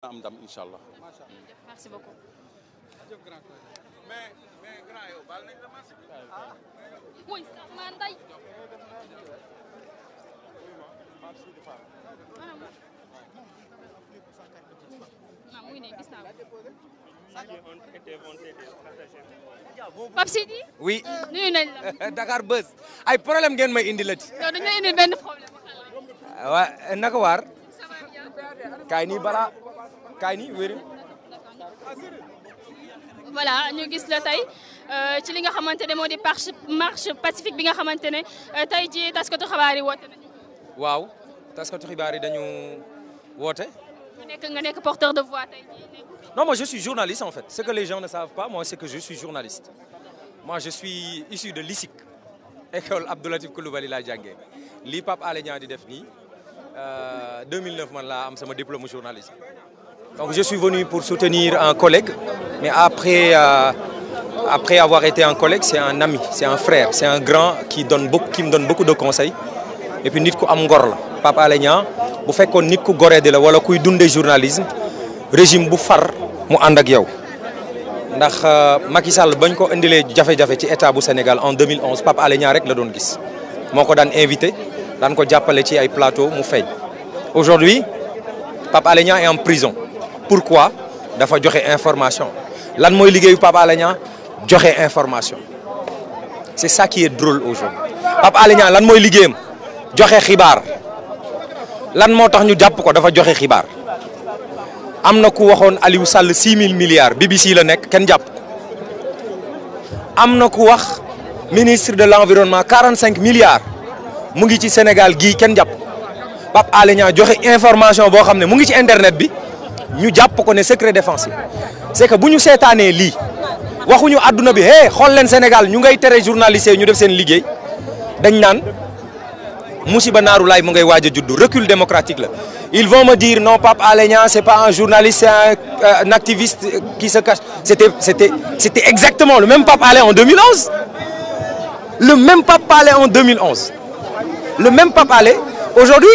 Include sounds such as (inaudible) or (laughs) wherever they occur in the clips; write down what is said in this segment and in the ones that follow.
am ndam incha allah. macha allah merci beaucoup. jërëjëf grand mais mais grand yow baal nañ la marché bi. Ah, ah mooy sama ndey. ah muy ne gis naa ko. Pape Sidi. oui nuyu nañ la. (laughs) Dakar Buzz ay problème ngeen may indi la ci. non dañu la indi benn problème. Ah, waaw naka waar. kaay nii balaa kaay nii wéri voilà gis la tey euh, ci li nga xamante ne moo di marche marche pacifique bi nga xamante ne euh, tey jii taskatu xibaar yi woote nañu. waaw taskatu xibaar yi dañu woote. nga nekk nekk porteur de voix no jii. non je suis journaliste en fait ce que les gens ne savent pas moi c'est que je suis journaliste. moi je suis issu de l'ISIC école Abdou Latif Coulibaly laa jàngee lii Pape Alé Niang di def nii. Euh, 2009 man laa am sama diplôme journaliste. donc je suis venu pour soutenir un collègue mais après euh, après avoir été un collègue c'est un ami c'est un frère c'est un grand qui donne beaucoup qui me donne beaucoup de conseils et puis nit ku am ngor la Pape Alé Niang bu fekkoon nit ku goree di la wala kuy dunde journalisme régime bu far mu ànd ak yow ndax euh, Macky Sall bañ ko indilee jafe-jafe ci état bu Sénégal en 2011 Pape Alé Niang rek la doon gis moo ko invité dan ko jàppale ci ay plateau mu feeñ aujourd'hui Pape Alé Niang est en prison pourquoi dafa joxe information lan mooy liggéeyu Pape Alé joxe information c'est ça qui est drôle aujourd'hui Pape Alé lan mooy liggéeyam joxe xibaar lan moo tax ñu jàpp ko dafa joxe xibaar am na ku waxoon Aliou Sall 6000 milliards BBC la nekk kenn jàpp am na ku wax ministre de l'environnement 45 milliards mu ngi ci Sénégal gii kenn jàpp Pape Alé Niang joxe information boo xam ne mu ngi ci internet bi ñu jàpp ko ne secret défense yi c'est que bu ñu seetaanee lii waxuñu àdduna bi hé xool leen Sénégal ñu ngay tere journaliste ñu def seen liggéey dañ naan musiba naaru laay mu ngay waaj a juddu recul démocratique la ils vont ma dire non Pape Alé Niang c'est pas un journaliste c'est un, euh, un activiste qui se cache c'était c'était c'était exactement le même Pape Alé en 2011 le même Pape Alé en 2011 le même Pape Alé aujourd'hui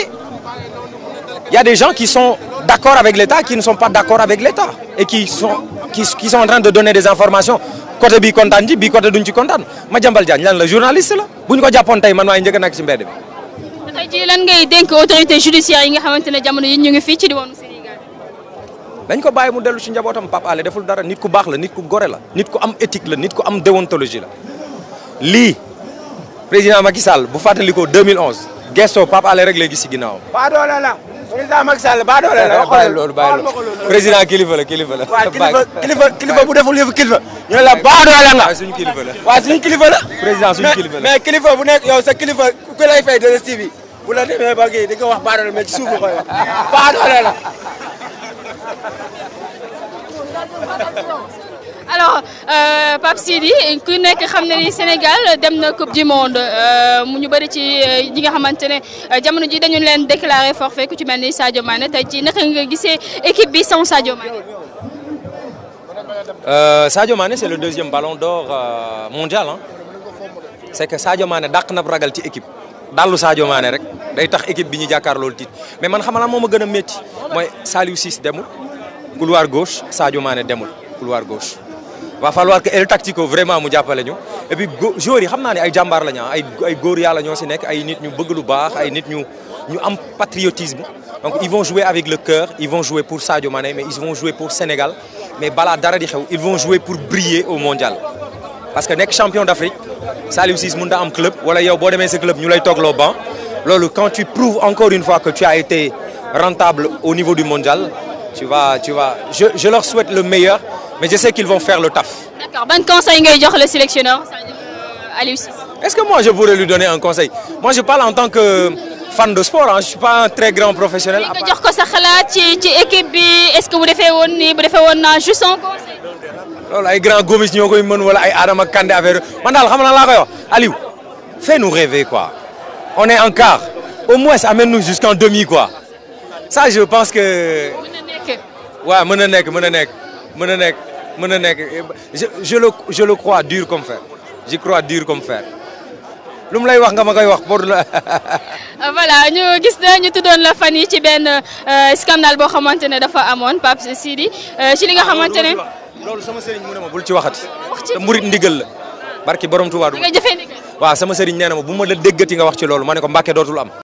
il y a des gens qui sont d'accord avec l'État qui ne sont pas d'accord avec l'État et qui sont qui, qui en train de donner des informations côté bii kontaan ji bii côté duñ ci kontaan Madiambal Diagne lan la journaliste la bu ñu ko jàppoon tey man maay njëkk a nekk ci mbedd bi. tey jii lan ngay dénk autorité judiciaire yi nga xamante ne jamono yi ñu ngi fii ci diwaanu Sénégal. dañ ko bàyyi mu dellu ci njabootam Pape Alé deful dara nit ku baax la nit ku gore la nit ku am éthique nit ku am déontologie la président Macky Sall bu fàttalikoo 2011 gestoo Pape Alé rek léegi si ginnaaw. ba doole la président Macky ba doole la. (laughs) bàyyi président kilifa la kilifa la. bu deful yëfu kilifa. ñu ne la ba doole nga. waaw suñu kilifa la kilifa la. président suñu kilifa la mais kilifa bu ne yow sa kilifa ku lay fay de TV la wax ba doole mais ci suuf nga ba doole la. Euh, Pape Sidi ku nekk xam na ni Sénégal dem na coupe du monde euh, mu ñu bari ci euh, ñi nga xamante ne euh, jamono ji dañu leen déclaré forfait ku ci mel ni Sadio Mané tey ci naka nga gisee équipe bi sans Sadio Mané. Sadio maane c'est le deuxième ballon d'or mondial ah c'est que Sadio Mané dàq na ragal ci équipe. dallu saajo maane rek day tax équipe bi ñu jàkkaar loolu tiit mais man xam naa moo ma gën a métti mooy Saliou Ciss demul couloir gauche Sadio Mané demul couloir gauche. va falloir que El Tactico vraiment mu jàppale ñu et puis joueurs yi xam naa ne ay jàmbaar lañu ah, ay ay góor ñoo si nekk ay nit ñu bëgg lu baax ay nit ñu ñu am patriotisme donc ils vont jouer avec le cœur ils vont jouer pour Sadio Mané mais ils vont jouer pour Sénégal mais balaa dara di ils vont jouer pour briller au mondial parce que nekk champion d'Afrique Saliou Ciss mën na am club wala yow boo demee sa club ñu lay toogloo banc loolu quand tu prouves encore une fois que tu as été rentable au niveau du mondial tu vas tu vas je je leur souhaite le meilleur mais je sais qu'ils vont faire le taf. D'accord. Bon conseil que le sélectionneur euh, Est-ce que moi je pourrais lui donner un conseil Moi je parle en tant que fan de sport, hein. je ne suis pas un très grand professionnel. À part... Est-ce que vous avez juste un conseil loolu ay grand gomis ñoo koy mën wala ay Adama Kandé affaire man daal xam na laa koy wax Aliou fais nous rêver quoi on est en quart au moins amène nous jusqu'en demi quoi ça je pense que waaw mën na nekk mën na nekk mën a nekk mën a nekk je je le je le crois dur comme fer je crois dur comme fer lu mu lay wax nga ma koy wax booru la. (laughs) voilà a gis na ñu tuddoon la fan yi ci benn euh, scandale boo xamante ne dafa amoon Pape Sidi euh, ci li nga ah, xamante sama sëriñ mu ne bul ci waxati. te murit ndigal la. barki borom Tuubaa du nga jëfee ndigal. waaw sama sëriñ nee na ma bu ma la déggati nga wax ci loolu ma ne ko Mbàkke dootul am.